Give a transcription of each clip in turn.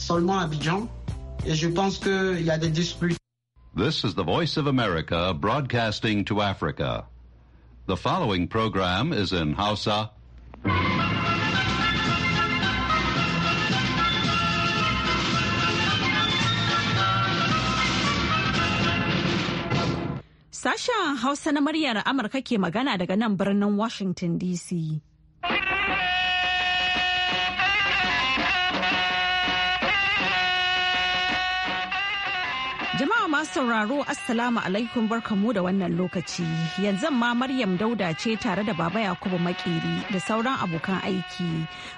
seulement Abidjan. Et je pense qu'il y a des disputes. This is the Voice of America broadcasting to Africa. The following program is in Hausa. Sasha Hausa na muryar Amurka ke magana daga nan birnin Washington DC. masu sauraro Assalamu alaikum barkamu da wannan lokaci. Yanzu ma Maryam Dauda ce tare da Baba Yakubu Makeri da sauran abokan aiki.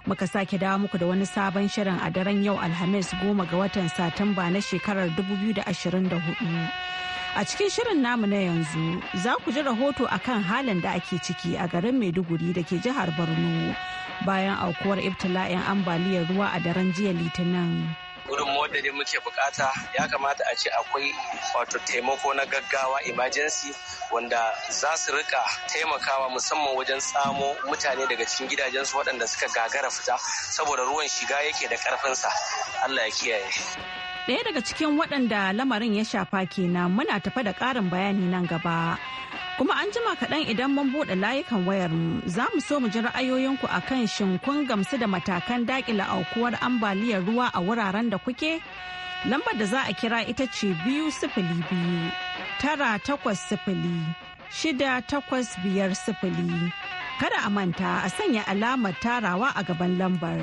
Muka sake dawo muku da wani sabon shirin a daren yau Alhamis goma ga watan Satumba na shekarar 2024. A cikin shirin namu na yanzu za ku ji rahoto akan halin da ake ciki a garin Maiduguri da ke jihar Borno bayan aukuwar ibtila'in ambaliyar ruwa a daren jiya Litinin. gudunmuwar da muke bukata ya kamata a ce akwai wato taimako na gaggawa emergency wanda za su rika taimakawa musamman wajen tsamo mutane daga cikin gidajensu waɗanda suka gagara fita saboda ruwan shiga yake da ƙarfinsa allah ya kiyaye ɗaya daga cikin waɗanda lamarin ya shafa kenan muna tafa da ƙarin bayani nan gaba kuma an jima kaɗan idan mun buɗe layukan wayar mu za mu so mu ji ra'ayoyinku a kan shin kun gamsu da matakan daƙila aukuwar ambaliyar ruwa a wuraren da kuke lambar da za a kira ita ce biyu sifili biyu tara takwas sifili shida takwas biyar sifili kada a manta a sanya alamar tarawa a gaban lambar.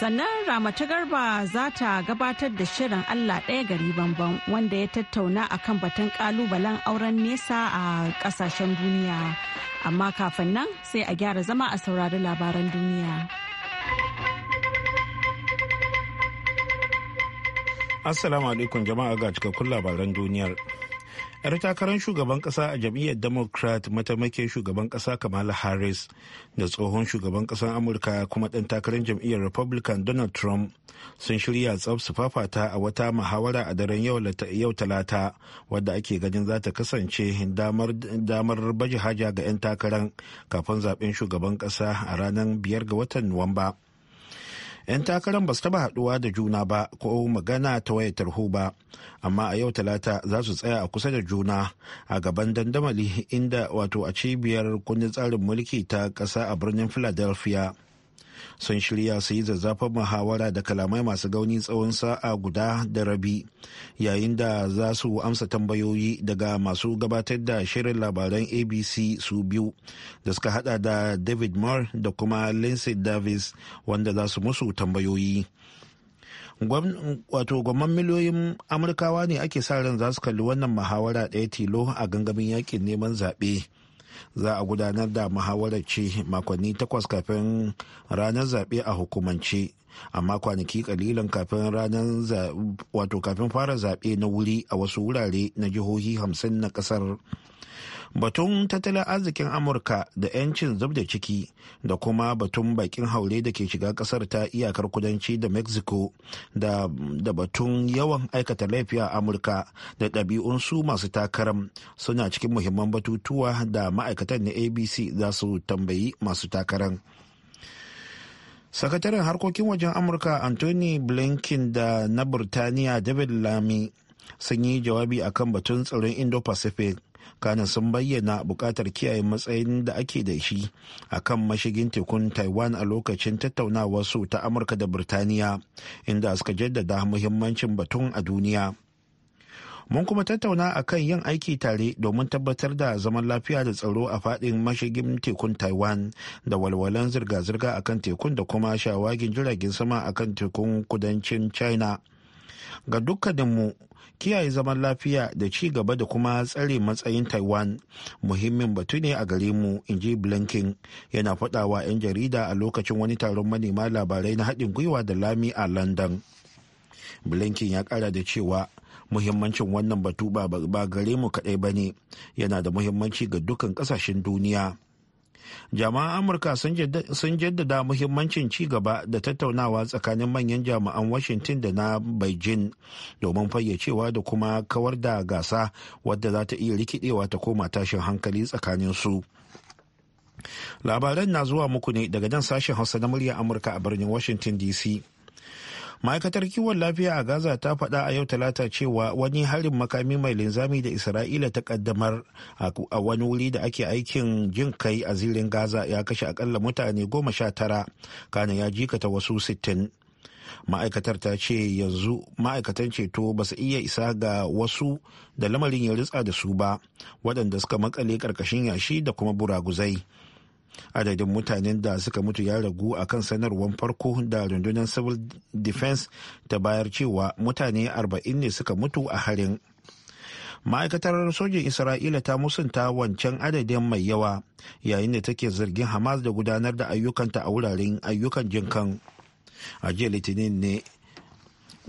sannan ramata garba za ta gabatar da shirin allah ɗaya gari bamban wanda ya tattauna a kan batun kalubalen auren nesa a ƙasashen duniya amma kafin nan sai a gyara zama a saurari labaran duniya assalamu alaikum jama'a ga cikakkun labaran duniyar 'yar takarar shugaban kasa a jam'iyyar democrat mataimakin shugaban kasa kamala harris da tsohon shugaban kasar amurka kuma ɗan takarar jam'iyyar republican donald trump sun shirya tsaf su fafata a wata muhawara a daren yau talata wadda ake ganin za ta kasance damar baje haja ga 'yan takarar kafin zaben shugaban kasa a ranar 5 ga watan nuwamba 'yan takarar ba su taba haɗuwa da juna ba ko magana ta wayar tarho ba amma a yau talata za su tsaya a kusa da juna a gaban dandamali inda wato a cibiyar kundin tsarin mulki ta kasa a birnin philadelphia sun shirya su yi zazzafan muhawara da kalamai masu gauni tsawon sa'a guda da rabi yayin da za su amsa tambayoyi daga masu gabatar da shirin labaran abc su biyu da suka hada da david moore da kuma lindsay davis wanda za su musu tambayoyi wato gwamnan miliyoyin amurkawa ne ake sa ran za su kalli wannan muhawara ɗaya tilo a gangamin yakin neman zaɓe. za a gudanar da muhawarar ce makonni takwas kafin ranar zaɓe a hukumance amma kwanaki kalilan kafin ranar wato kafin fara zaɓe na wuri a wasu wurare na jihohi hamsin na ƙasar batun tattalin arzikin amurka da 'yancin zub da ciki da kuma batun bakin haure da ke shiga kasar ta iyakar kudanci da mexico da, batun yawan aikata laifi a amurka da ɗabi'unsu masu takaram suna cikin muhimman batutuwa da ma'aikatan na abc za su tambayi masu takaran. sakataren harkokin wajen amurka anthony blinken da na burtaniya david lamy sun yi jawabi akan batun tsaron indo-pacific kanin sun bayyana buƙatar kiyaye matsayin da ake da shi a kan mashigin tekun taiwan a lokacin tattaunawar su ta amurka da birtaniya inda suka jaddada muhimmancin batun a duniya mun kuma tattauna a kan yin aiki tare domin tabbatar da zaman lafiya da tsaro a fadin mashigin tekun taiwan da walwalan zirga-zirga a kan tekun da kuma shawagin jiragen sama a kan tekun kudancin china ga dukkaninmu kiyaye zaman lafiya da ci gaba da kuma tsare matsayin taiwan muhimmin batu ne a gare mu in ji blinken yana fadawa 'yan jarida a lokacin wani taron manema labarai na haɗin gwiwa da lami a london blinken ya kara da cewa muhimmancin wannan batu ba gare mu kaɗai ba ne yana da muhimmanci ga dukkan ƙasashen duniya jama'an amurka sun jaddada muhimmancin ci gaba da tattaunawa tsakanin manyan jami'an washington da na beijing domin fayyacewa da kuma kawar da gasa wadda za ta iya rikidewa ta koma tashin hankali tsakanin su labaran na zuwa muku ne daga nan sashen hausa na murya amurka a birnin washington dc ma'aikatar kiwon lafiya a gaza ta faɗa a yau talata cewa wani harin makami mai linzami da isra'ila ta kaddamar a wani wuri da ake aikin jin kai a zirin gaza ya kashe akalla mutane goma sha tara kana ya jikata wasu sittin ma'aikatar ta ce yanzu ma'aikatan ceto ba su iya isa ga wasu da lamarin ya ritsa da su ba waɗanda suka makale ƙarƙashin yashi da kuma buraguzai adadin mutanen da suka mutu ya ragu a kan sanarwar farko da rundunar civil defense ta bayar cewa mutane 40 ne suka mutu a harin ma'aikatar sojin isra'ila ta musunta wancan adadin mai yawa yayin da take zargin hamas da gudanar da ayyukanta a wuraren ayyukan jinkan a jiya litinin ne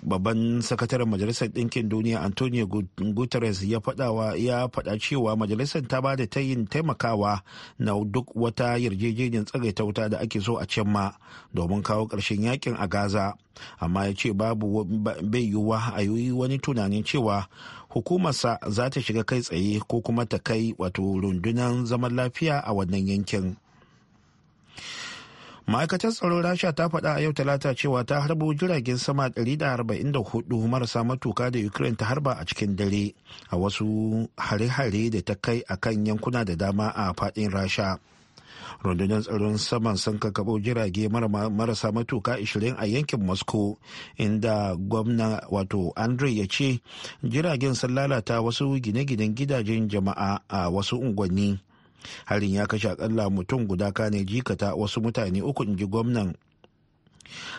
babban sakataren majalisar ɗinkin duniya antonio guterres ya faɗa cewa majalisar ta ba da yin taimakawa na duk wata yarjejeniyar tsagaita wuta da ake so a cimma domin kawo ƙarshen yakin a gaza amma ya ce babu bai yiwuwa a yi wani tunanin cewa hukumarsa za ta shiga kai tsaye ko kuma ta kai wato rundunar zaman lafiya a wannan yankin. ma'aikatar tsaron rasha ta faɗa a yau talata cewa ta harbo jiragen sama 144 marasa matuka da ukraine ta harba a cikin dare a wasu hare-hare da ta kai a kan yankuna da dama a faɗin rasha rundunar tsaron saman sun kakabo jirage marasa matuka 20 a yankin moscow inda gwamna wato andre ya ce jiragen sun lalata wasu gine-ginen gidajen jama'a a wasu unguwanni harin ya kashe akalla mutum guda kane jikata wasu mutane uku inji gwamnan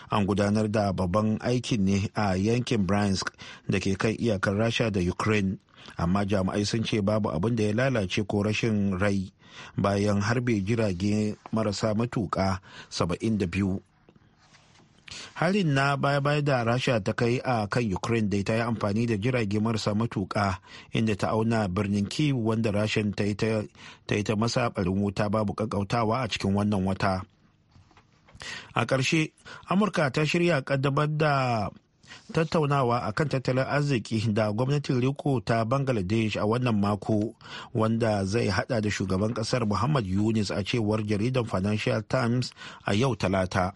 an gudanar da babban aikin ne a yankin bryansk da ke kan iyakar rasha da ukraine amma jami'ai sun ce babu abin da ya lalace ko rashin rai bayan harbe jirage marasa matuƙa 72 halin na baya-baya da rasha ta kai a kan ukraine da ta yi amfani da jirage marasa matuka inda ta auna birnin kiev wanda rasha ta yi ta masa barin wuta babu kakautawa a cikin wannan wata a ƙarshe amurka ta shirya ƙaddamar da tattaunawa a kan tattalin arziki da gwamnatin riko ta bangladesh a wannan mako wanda zai hada da shugaban kasar muhammad yunis a cewar jaridan financial times a yau talata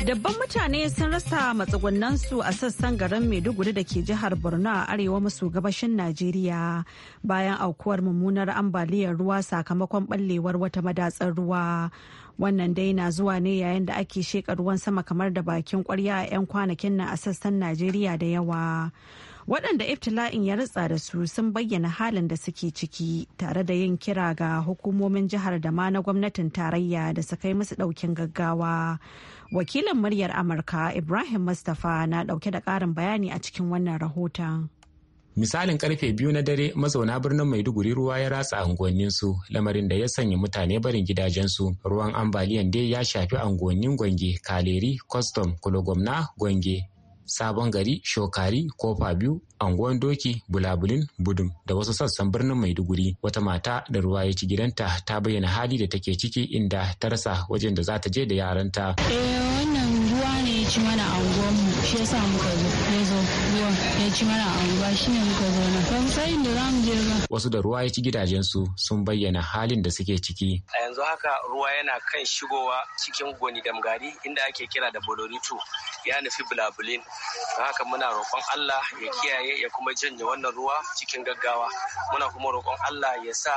Dabban mutane sun rasa su a sassan garin Maiduguri da ke jihar Borno a arewa maso gabashin Najeriya bayan aukuwar mummunar ambaliyar ruwa sakamakon ɓallewar wata madatsar ruwa. Wannan dai na zuwa ne yayin da ake sheƙa ruwan sama kamar da bakin kwarya a 'yan kwanakin nan a sassan Najeriya da yawa. Waɗanda iftila'in ya ritsa da su sun bayyana halin da suke ciki tare da yin kira ga hukumomin jihar da ma na gwamnatin tarayya da su kai musu ɗaukin gaggawa. wakilin muryar amurka ibrahim mustapha na dauke da karin bayani a cikin wannan rahoton misalin karfe biyu na dare mazauna birnin maiduguri ruwa ya ratsa unguwanninsu, lamarin da ya sanya mutane barin gidajensu ruwan ambaliyan dai ya shafi unguwannin gwange kaleri kwastam kulogomna gwange sabon gari shokari kofa biyu anguwan doki bulabulin budum da wasu sassan birnin maiduguri wata mata da ruwa ya ci gidanta ta bayyana hali da take ciki inda ta rasa wajen da za ta je da yaranta eh wannan ruwa ne ya ci mana anguwanmu shi yasa muka zo ya ci mana anguwa shine muka zauna da je ba wasu da ruwa ya ci gidajen su sun bayyana halin da suke ciki a yanzu haka ruwa yana kan shigowa cikin goni damgari inda ake kira da bolorito ya nufi bulabulin don haka muna roƙon Allah ya kiyaye ya kuma janye wannan ruwa cikin gaggawa muna kuma roƙon Allah ya sa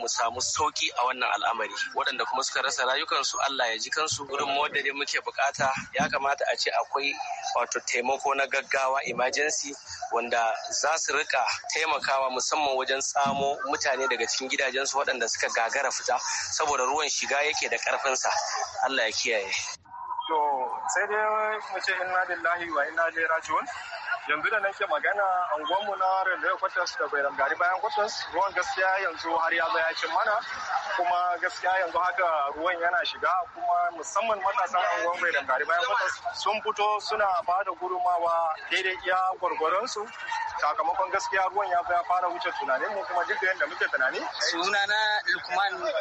mu samu sauki a wannan al'amari waɗanda kuma suka rasa rayukansu Allah ya ji kansu gurin da muke bukata ya kamata a ce akwai wato taimako na gaggawa imajin agency wanda za su rika taimakawa musamman wajen tsamo mutane daga cikin gidajensu waɗanda suka gagara fita saboda ruwan shiga yake da ƙarfinsa allah ya kiyaye to sai dai mu inna lillahi wa inna ilaihi raji'un yanzu da nake magana unguwarmu na railway quarters da bai gari bayan quarters ruwan gaskiya yanzu har ya zaya cin mana kuma gaskiya yanzu haka ruwan yana shiga kuma musamman matasan unguwar bai gari bayan quarters sun fito suna ba da gudumawa daidai iya su sakamakon gaskiya ruwan ya ya fara wuce tunanin mu kuma duk da yadda muke tunani. sunana lukman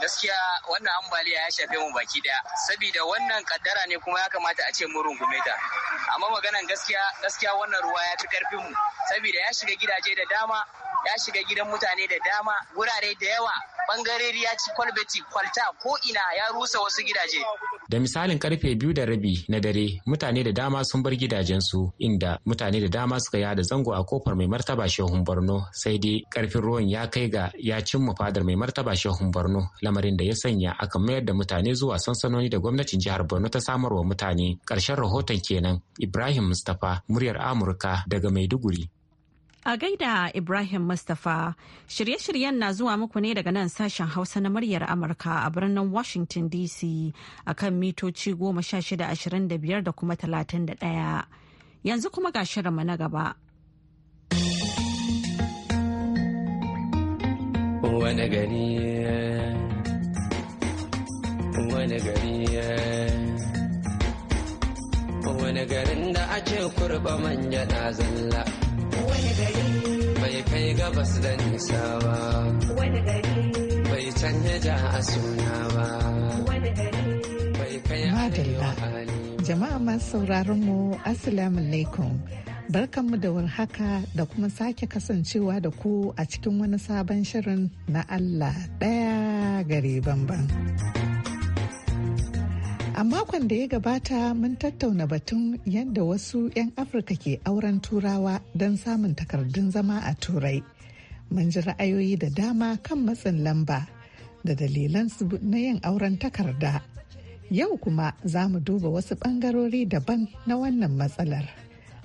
gaskiya wannan ambaliya ya shafe mu baki daya sabida wannan kaddara ne kuma ya kamata a ce mu rungume ta amma maganan gaskiya gaskiya gaskiya wannan ruwa ya fi karfin mu saboda ya shiga gidaje da dama ya shiga gidan mutane da dama wurare da yawa bangare ya ci kwalbeti kwalta ko ina ya rusa wasu gidaje da misalin karfe biyu da rabi na dare mutane da dama sun bar gidajensu inda mutane da dama suka yada zango a kofar mai martaba shehun borno sai dai karfin ruwan ya kai ga ya cin mu fadar mai martaba shehun borno lamarin da ya sanya aka mayar da mutane zuwa sansanoni da gwamnatin jihar borno ta samarwa mutane ƙarshen rahoton kenan ibrahim mustapha muryar Amurka daga Maiduguri. A gaida Ibrahim Mustapha, shirye-shiryen na zuwa muku ne daga nan sashen Hausa na muryar Amurka a birnin Washington DC a kan mitoci 1625 da kuma 31. Yanzu kuma ga shirinmu na gaba. Wani gari, wani gari. wani garin da ake kurba manja da zalla wani gari bai kai gabas da nisa ba wani gari bai canja ja a suna ba wani gari bai kai madalla jama'a masu sauraron mu assalamu alaikum Barkanmu da warhaka da kuma sake kasancewa da ku a cikin wani sabon shirin na Allah ɗaya gari bamban. A makon da ya gabata mun tattauna batun yadda wasu 'yan Afirka ke auren turawa don samun takardun zama a turai. Mun ji ra'ayoyi da dama kan matsin lamba da dalilan su na yin auren takarda. Yau kuma za mu duba wasu ɓangarori daban na wannan matsalar.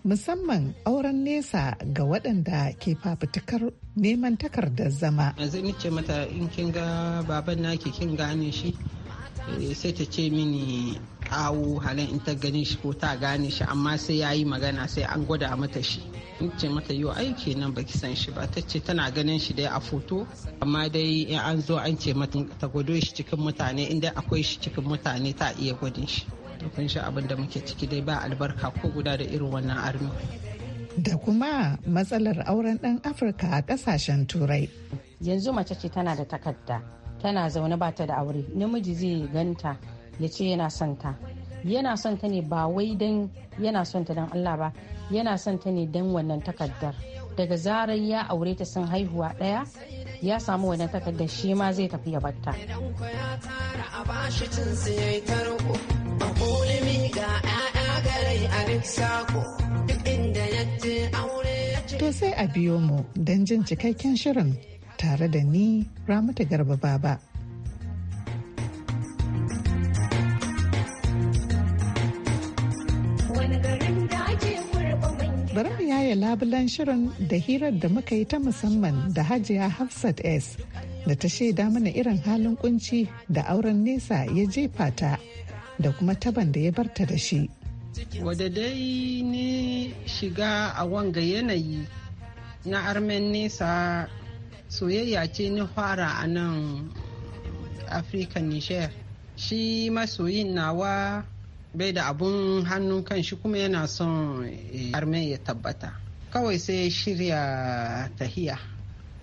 musamman auren nesa ga waɗanda ke fafutukar neman takardar zama. yanzu in ce mata in kin ga baban naki kin gane shi Eh, sai ta ce mini awo halin in ta gani shi ko ta gane shi amma sai ya yi magana sai an gwada mata shi in ce mata yau aiki nan ba san shi ba ta ce tana ganin shi dai a foto amma dai in an zo an ce mata ta gwado shi cikin mutane inda akwai shi cikin mutane ta iya gwadin shi to kun sha abin da muke ciki dai ba albarka ko guda da irin wannan armi da kuma matsalar auren dan afirka a kasashen turai yanzu mace ce tana da takarda tana zaune ba ta da aure namiji zai ganta ya ce yana son ta yana son ta ne ba wai dan yana son ta dan Allah ba yana son ta ne dan wannan takardar daga zarar ya aure ta sun haihuwa daya ya samu wannan takardar shi ma zai tafi ya batta To sai a biyo mu don jin cikakken shirin tare da ni ramata Garba Baba. Bari mu yi labulan shirin da hirar da muka yi ta musamman da Hajiya Hafsat S da ta shaida mana irin halin kunci da auren nesa ya jefa ta da kuma taban da ya barta da shi. Wadda dai ni shiga a wanga yanayi na armen nesa soyayya ce na fara a nan afirka nishiyar shi masoyin nawa bai da abun hannun kan shi kuma yana son eh, armen ya tabbata kawai sai shirya tahiya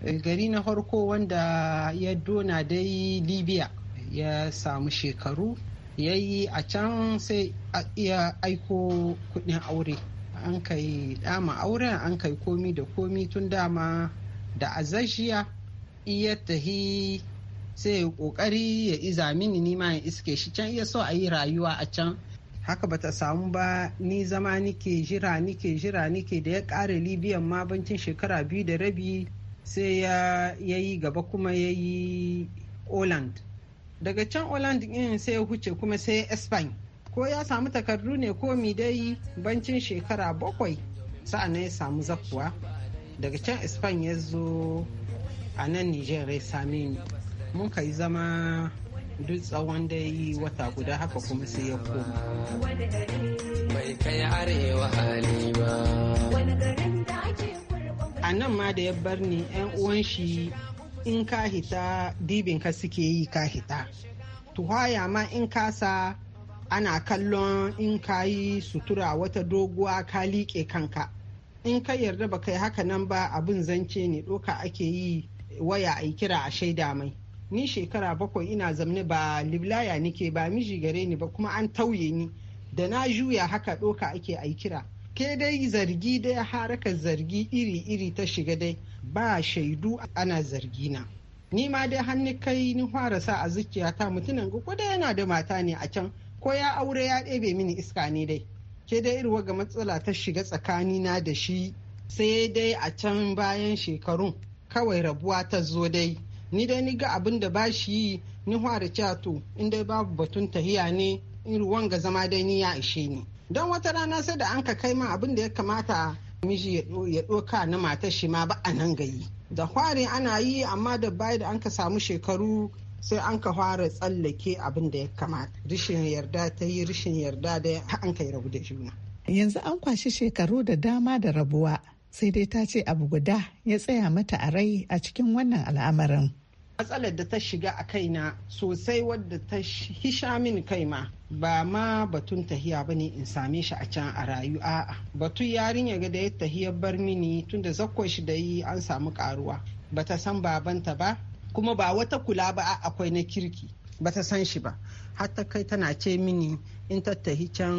eh, gari na farko wanda ya dona dai libya ya samu shekaru ya yi a can sai iya aiko kudin aure an kai dama auren an kai komi da komi tun dama da azashiya iya tahi sai ya kokari ya iza mini nima ya iske shi can iya so a yi rayuwa a can haka bata samu ba ni zama nike jira nike jira nike da ya kare libyan ma bancin shekara biyu da rabi sai ya yi gaba kuma ya yi oland daga can oland din sai ya huce kuma sai ya spain ko ya samu takardu ne ko mi dai bancin shekara bakwai sa'an ya samu zakuwa daga can spain ya zo a nan niger ya same ni mun ka yi zama duk tsawon yi wata guda haka kuma sai ya koma bai kai arewa hali ba a nan ma da ya bar ni yan uwan shi in ka hita dibin ka suke yi ka hita tuhaya ma in kasa ana kallon in ka yi sutura wata doguwa ka liƙe kanka in ka yarda ba kai haka nan ba abin zance ne doka ake yi waya a kira a shaida mai ni shekara bakwai ina zamne ba liblaya nike ba miji gare ni ba kuma an tauye ni da na juya haka doka ake a kira ke dai zargi dai haraka zargi iri-iri ta shiga dai ba shaidu ana zargi na ni ma dai hannu kai ni fara sa a zuciya mutumin mutunan da yana da mata ne a can ko ya aure ya ɗebe mini iska ne dai ke dai irwa ga matsala ta shiga tsakanina da shi sai dai a can bayan shekarun kawai rabuwa ta zo dai ni dai ni ga abin da ba shi yi ni hwara cato to in dai babu batun tahiya ne ruwan ga zama dai ni ya ishe ni don wata rana sai da an ka kai ma abin da ya kamata miji ya ɗoka na matar shi ma ba a nan gayi da hwari ana yi amma da baya da an ka samu shekaru sai an ka fara tsallake abin da ya kamata rishin yarda ta yi rishin yarda da an kai rabu da juna yanzu an kwashi shekaru da dama da rabuwa sai dai ta ce abu guda ya tsaya mata a rai a cikin wannan al'amarin matsalar da ta shiga a kaina sosai wadda ta hisha min kai ma ba ma batun tahiya ba ne in same shi a can a rayu a'a batun yarin ga da ya tahiya bar mini tunda zakko shi da yi an samu karuwa bata san babanta ba kuma ba wata kula ba akwai na kirki ba ta san shi ba hatta kai tana ce mini in tattahi can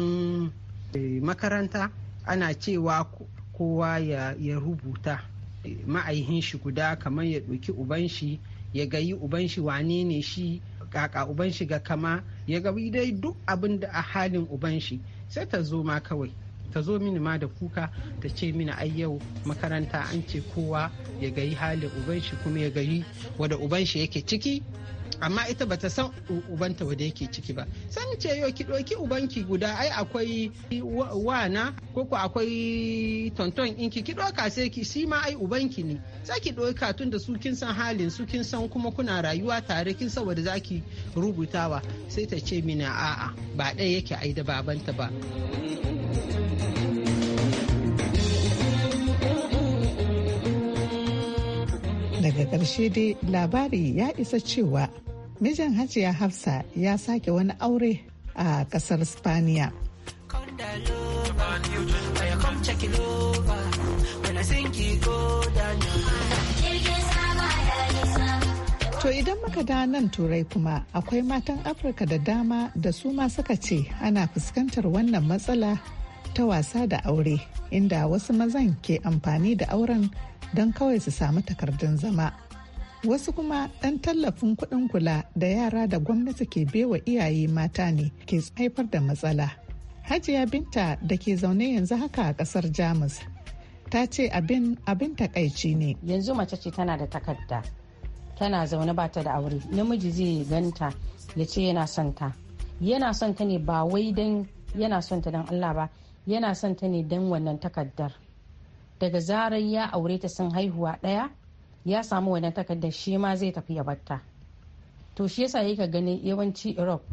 eh, makaranta ana cewa kowa ya rubuta eh, ma'aihin shi guda kamar ya ɗauki uban shi ya gayi uban shi wane ne shi kaka uban shi ga kama ya gabi dai duk abin da a halin uban shi sai ta zo ma kawai ta zo mini ma da kuka ta ce mini ai yau makaranta an ce kowa ya gayi halin uban shi kuma ya gayi wada uban shi yake ciki amma ita bata san ubanta wada yake ciki ba san ce yau ki ɗauki ubanki guda ai akwai wana ko ko akwai tonton in ki ɗauka sai ki shi ma ai ubanki ne sai ki ɗauka tun da su kin san halin su kin san kuma kuna rayuwa tare kin san za zaki rubutawa sai ta ce mina a'a ba ɗaya yake ai da babanta ba daga ƙarshe dai labari ya isa cewa mijin hajiya hafsa ya sake wani aure a ƙasar spaniya To idan muka da nan turai kuma akwai matan Afirka da dama da su ma suka ce ana fuskantar wannan matsala ta wasa da aure inda wasu mazan ke amfani da auren don kawai su samu takardun zama wasu kuma ɗan tallafin kuɗin kula da yara da gwamnati ke bewa iyaye mata ne ke haifar da matsala hajiya binta da ke zaune yanzu haka a ƙasar jamus ta ce abin abin takaici ne yanzu mace ce tana da takarda tana zaune ba ta da aure namiji zai ganta ya ce yana son ta yana son ta ne ba wai don yana son ta don allah ba yana son ta ne don wannan takardar daga zarar ya aure ta sun haihuwa ɗaya ya samu wannan takardar shi ma zai tafi ya batta to shi yasa yake ganin yawanci europe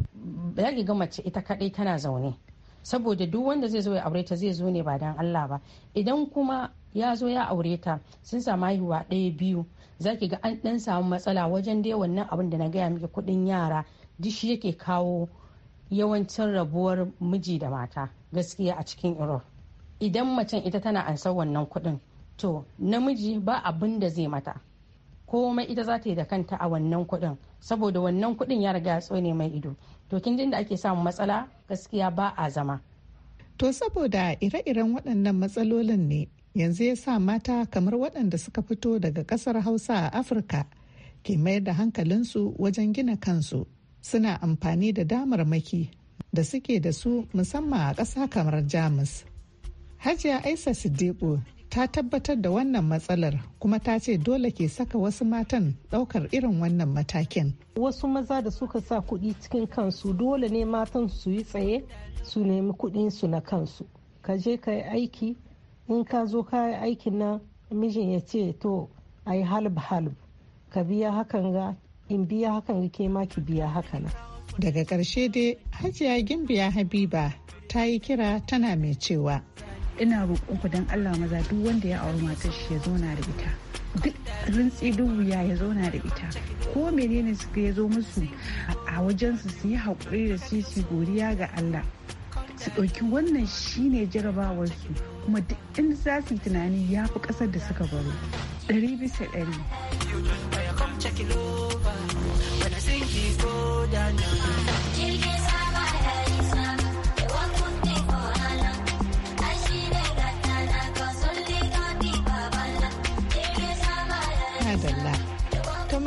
ba ki ga mace ita kadai tana zaune saboda duk wanda zai zo ya aure ta zai zo ne ba dan Allah ba idan kuma ya zo ya aure ta sun samu haihuwa ɗaya biyu zaki ga an dan samu matsala wajen dai wannan abin da na gaya miki kuɗin yara duk shi yake kawo yawancin rabuwar miji da mata gaskiya a cikin Europe idan macen ita tana ansar wannan kudin to namiji ba abin da zai mata komai ita za ta yi da kanta a wannan kudin saboda wannan kudin ya riga tsone mai ido to kin jin da ake samu matsala gaskiya ba a zama to saboda ire-iren waɗannan matsalolin ne yanzu ya sa mata kamar waɗanda suka fito daga ƙasar hausa a afirka ke mayar da hankalinsu wajen gina kansu suna amfani da damarmaki da suke da su musamman a ƙasa kamar jamus Hajiya Aisa Siddiqu ta tabbatar da wannan matsalar kuma ta ce dole ke saka wasu matan ɗaukar irin wannan matakin. Wasu maza da suka sa kuɗi cikin kansu dole ne matan su yi tsaye su nemi kuɗin su na kansu. Ka je ka yi aiki in ka zo ka yi aikin nan mijin ya ce to a yi halb halb ka biya hakan ga in biya hakan ga ke ki biya hakan. Daga ƙarshe dai Hajiya Gimbiya Habiba ta yi kira tana mai cewa. ina ku don allah maza duk wanda ya auri matar shi ya zauna da ita duk rintsi duk wuya ya zauna da ita ko menene suka ya zo musu a wajensu su yi haƙuri da su su godiya ga allah su ɗauki wannan shine jarabawarsu kuma duk in za su tunani ya fi ƙasar da suka baro ɗari bisa ɗari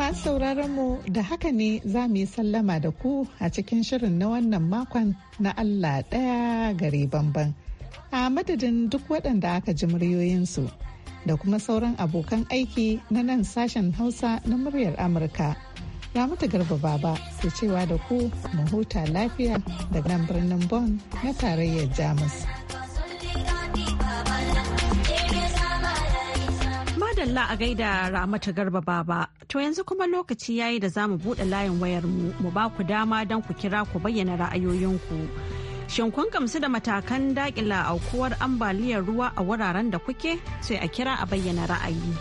masu sauraron mu da haka ne za mu yi sallama da ku a cikin shirin na wannan makon na Allah ɗaya gare bamban. A madadin duk waɗanda aka ji muryoyinsu da kuma sauran abokan aiki na nan sashen Hausa na muryar Amurka. Ya mutu Garba Baba sai cewa da ku mu huta lafiya daga nan birnin Bon na tarayyar Jamus. madalla a gaida ramata Garba Baba. To yanzu kuma lokaci ya yi da za mu buɗe layin wayar mu mu ba ku dama don ku kira ku bayyana ra'ayoyinku. Shin kun gamsu da matakan daƙila aukuwar ambaliyar ruwa a wuraren da kuke sai a kira a bayyana ra'ayi.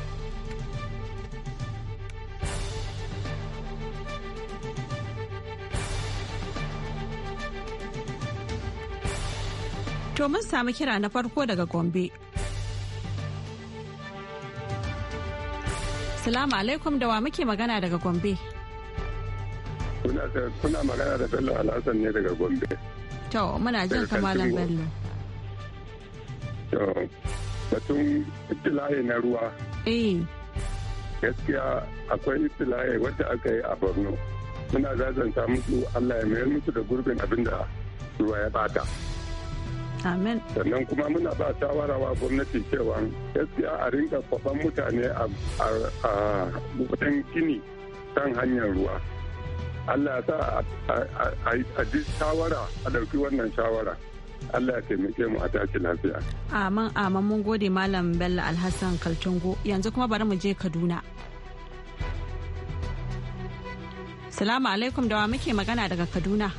To mun samu kira na farko daga Gombe. Assalamu alaikum da wa muke magana daga Gombe. Kuna magana da Bello Alhassan ne daga Gombe. To, muna jin kamalan Bello. To, batun itilaye na ruwa. Eh. Gaskiya akwai itilaye wadda aka yi a Borno. Muna zazanta musu Allah ya mayar musu da gurbin abin da ruwa ya bata. Amen. Sannan kuma muna ba shawara wa gwamnati cewa gaskiya a rinka kwafan mutane a wajen gini kan hanyar ruwa. Allah sa a ji shawara a ɗauki wannan shawara. Allah ya taimake mu a tashi lafiya. Amin amin mun gode Malam Bello Alhassan Kaltungo yanzu kuma bari mu je Kaduna. Salamu alaikum da wa muke magana daga Kaduna.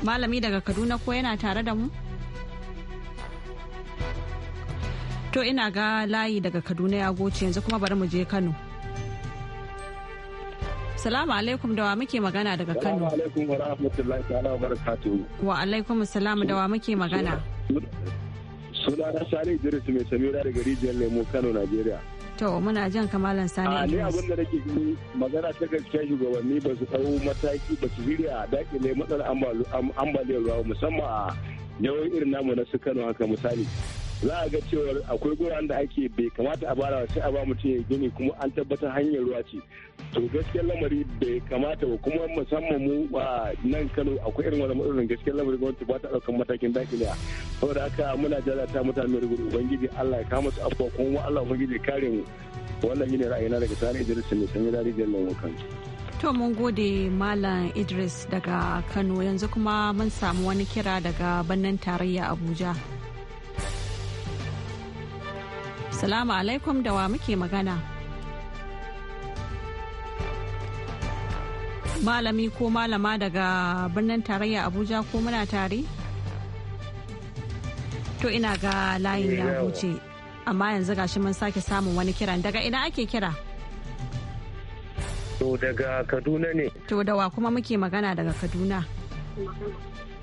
malami daga kaduna ko yana tare da mu to ina ga layi daga kaduna ya goce yanzu kuma bari mu je kano salamu alaikum dawa muke magana daga kano wa alaikum salamu wa salam dawa muke magana suna na sani idris mai samira daga rijiyar lemo kano nigeria to muna jan kamalan sani ne abin da nake gani magana ta gaskiya shugabanni ba su dau mataki ba su shirya ne matsalar ambaliyar ruwa musamman a yawon irin namu na su Kano haka misali za a ga cewar akwai guraren da ake bai kamata a bara sai a ba mutum ya gini kuma an tabbatar hanyar ruwa ce to gaskiyar lamari bai kamata ba kuma musamman mu a nan kano akwai irin wani matsalolin gaskiyar lamari gwamnati ba ta ɗaukar matakin ne saboda haka muna jalata mutane da gudu ubangiji allah ya kama su afuwa kuma allah ubangiji kare mu wannan shine ra'ayina daga sani idris mai yi dari jallan wakan to mun gode malam idris daga kano yanzu kuma mun samu wani kira daga birnin tarayya abuja Assalamu alaikum da wa muke magana. Malami ko malama daga birnin tarayya Abuja ko muna tare? To ina ga layin ya huce, amma yanzu gashi mun sake samun wani kiran daga ina ake kira? To daga Kaduna ne. To da wa kuma muke magana daga Kaduna?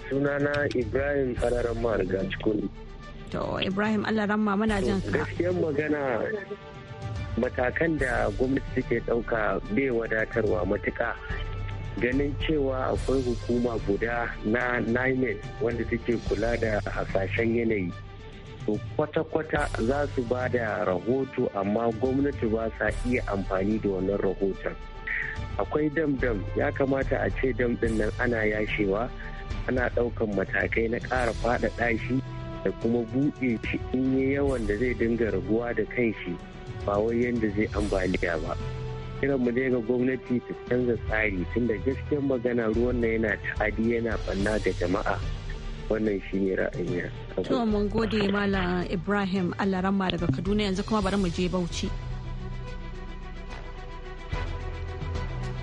Sunana Ibrahim Kararan Marga Cikuni. to ibrahim allah ramma mana jin ka gaskiyar magana matakan da gwamnati take ɗauka bai wadatarwa matuka ganin cewa akwai hukuma guda na nimet wanda take kula da hasashen yanayi to kwata-kwata za su ba da rahoto amma gwamnati ba sa iya amfani da wannan rahoton akwai dam-dam ya kamata a ce dam din nan ana yashewa ana ɗaukan matakai na ƙara faɗaɗa shi da kuma buɗe shi in yi yawan da zai dinga raguwa da kan shi ba wai yadda zai ambaliya ba kiran mu dai ga gwamnati ta canza tsari tunda gaskiyar magana ruwan nan yana ta'adi yana banna ga jama'a wannan shi shine ra'ayin to mun gode malam ibrahim alaramma daga kaduna yanzu kuma bari mu je bauchi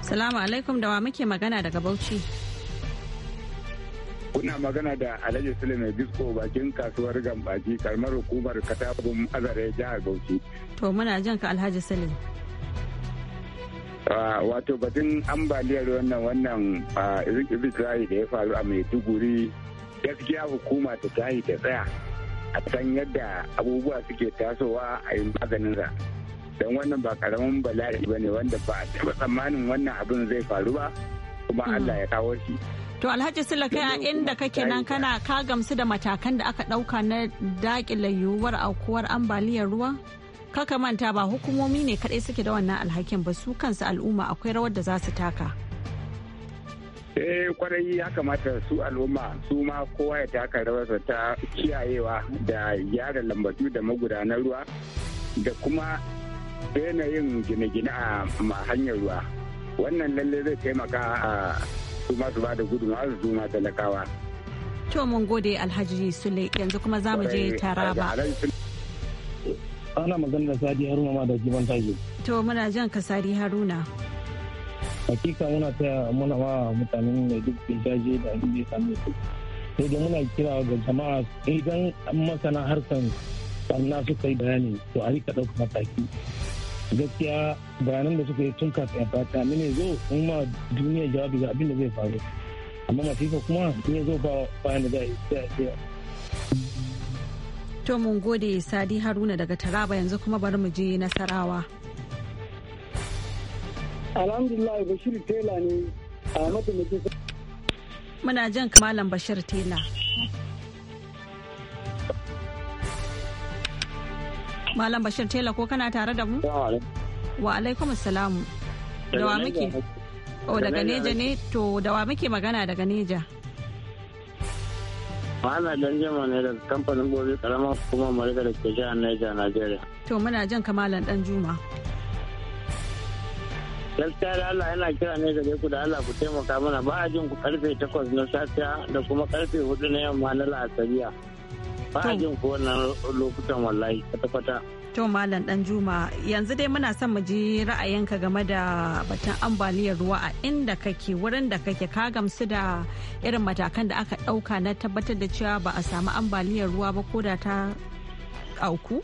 salamu alaikum da wa muke magana daga bauchi kuna magana da alhaji sulaiman mai disko bakin kasuwar gambaji karamar hukumar katabun azare jihar bauchi to muna jan ka alhaji sule ah, wato batun ambaliyar wannan wannan izikirayi ah, da ya faru a mai maiduguri gaskiya hukuma ta tahi ta tsaya a san yadda abubuwa suke tasowa a maganin maganinsa don wannan ba karamin bala'i ba ne wanda ba a tsammanin wannan abin zai faru ba kuma mm. Allah ya kawo shi to alhaji Sula kai a inda kake nan kana ka gamsu da matakan da aka ɗauka na dakile yiwuwar aukuwar ambaliyar ruwa kaka manta ba hukumomi ne kadai suke da wannan alhakin ba su kansu al'umma akwai rawar da za su taka eh kwarai ya kamata su al'umma su ma kowa ya taka rawarsa ta kiyayewa da yara lambatu da magudanar ruwa da kuma yanayin gine-gine a hanyar ruwa wannan lalle zai taimaka a su masu ba da gudunmawa su ma talakawa. To mun gode Alhaji Sule yanzu kuma za mu je Taraba. Ana magana da Sadi Haruna ma da Jiman Taji. To muna jan ka Sadi Haruna. Hakika muna taya muna ma mutanen da duk bin jaje da abin da ya samu su. Sai da muna kira ga jama'a idan masana harkan sannan suka yi bayani to a rika ɗaukar mataki. gaskiya bayanan da suka yi tun kafin ya fata mini zo in ma duniya jawabi ga abin da zai faru amma masifa kuma ne zo ba bayan da zai To mun gode Sadi Haruna daga Taraba yanzu kuma bari mu je Nasarawa. Alhamdulillah Bashir Tela ne a Muna jan kamalan Bashir Tela. Malam Bashir Tela ko kana tare da mu? Wa alaikum assalamu. Da muke? O daga Neja oh, ne to da muke magana daga Neja? Ma'ana dan jama ne daga kamfanin gobe karamar hukumar Marika da ke jihar Neja, Najeriya. To muna jan kamalan dan Juma. gaskiya da Allah yana kira ne gare ku da Allah ku taimaka mana ba a jin ku karfe takwas na safiya da kuma karfe hudu na yamma na la'asariya. ba a jin ko wannan lokutan wallahi kwata-kwata to malam dan juma yanzu dai muna son mu ji ra'ayinka game da batun ambaliyar ruwa a inda kake wurin da kake ka gamsu da irin matakan da aka dauka na tabbatar da cewa ba a samu ambaliyar ruwa ba ko da ta auku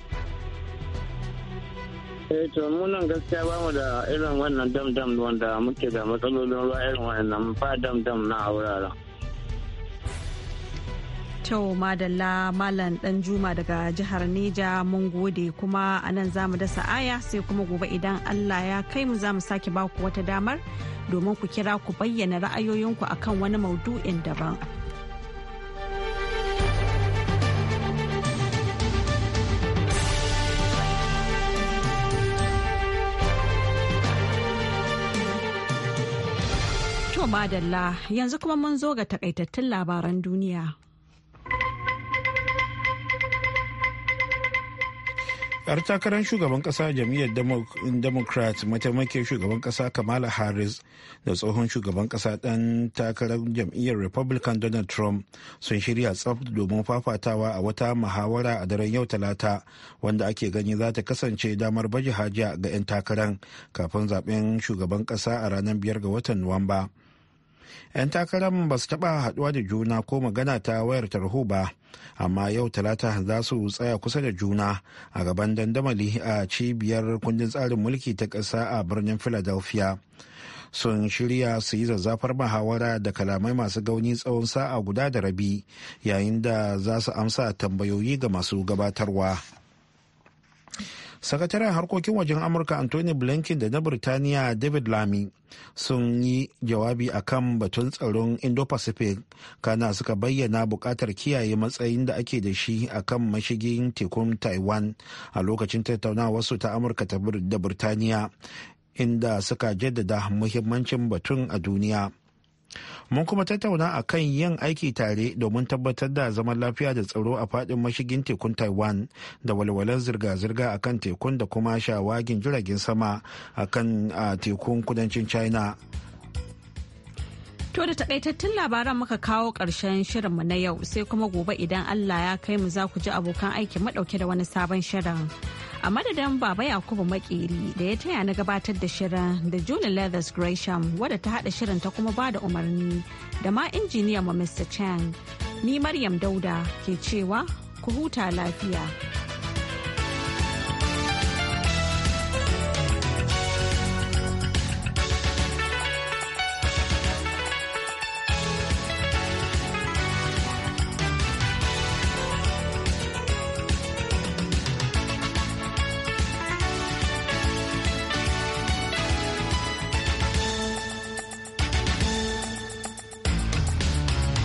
eh to munan gaskiya ba mu da irin wannan dam dam wanda muke da matsalolin ruwa irin wannan ba dam dam na a wuraren Tau Madalla Malam Dan Juma daga jihar Neja mun gode kuma a nan za mu dasa aya sai kuma gobe idan Allah ya kai mu za mu sake baku wata damar domin ku kira ku bayyana ra'ayoyinku akan wani maudu'in daban. kyau madalla yanzu kuma mun zo ga takaitattun labaran duniya. yar takarar shugaban kasa jam'iyyar democrat mataimakin shugaban kasa kamala harris da tsohon shugaban kasa dan takarar jam'iyyar republican donald trump sun shirya tsaf domin fafatawa a wata muhawara a daren yau talata wanda ake gani za ta kasance damar baje hajiya ga 'yan takarar kafin zaben shugaban kasa a ranar biyar ga watan nuwamba 'yan takarar ba su taba haduwa da juna ko magana ta wayar tarho ba amma yau talata za su tsaya kusa da juna a gaban dandamali a cibiyar kundin tsarin mulki ta ƙasa a birnin philadelphia sun shirya su yi zazzafar mahawara da kalamai masu gauni tsawon sa'a guda da rabi yayin da za su amsa tambayoyi ga masu gabatarwa sakataren harkokin wajen amurka anthony blinken da na birtaniya david lamy sun yi jawabi a kan batun tsaron indo-pacific kana suka bayyana buƙatar kiyaye matsayin da ake da shi a kan mashigin tekun taiwan a lokacin tattaunawarsu ta amurka da birtaniya inda suka jaddada muhimmancin batun a duniya mun kuma tattauna a kan yin aiki tare domin tabbatar da zaman lafiya da tsaro a fadin mashigin tekun taiwan da walwalar zirga-zirga a kan tekun da kuma shawagin jiragen sama a kan tekun kudancin china To da takaitattun labaran muka kawo ƙarshen mu na yau sai kuma gobe idan Allah ya kai mu za ku ji abokan aiki maɗauke da wani sabon shirin. A madadin Baba Yakubu Makeri da ya taya na gabatar da shirin da Julie Leathers Gresham wadda ta haɗa shirin ta kuma ba da umarni da ma injiniyan mu Mr. Chang. Ni Maryam Dauda ke cewa ku huta lafiya.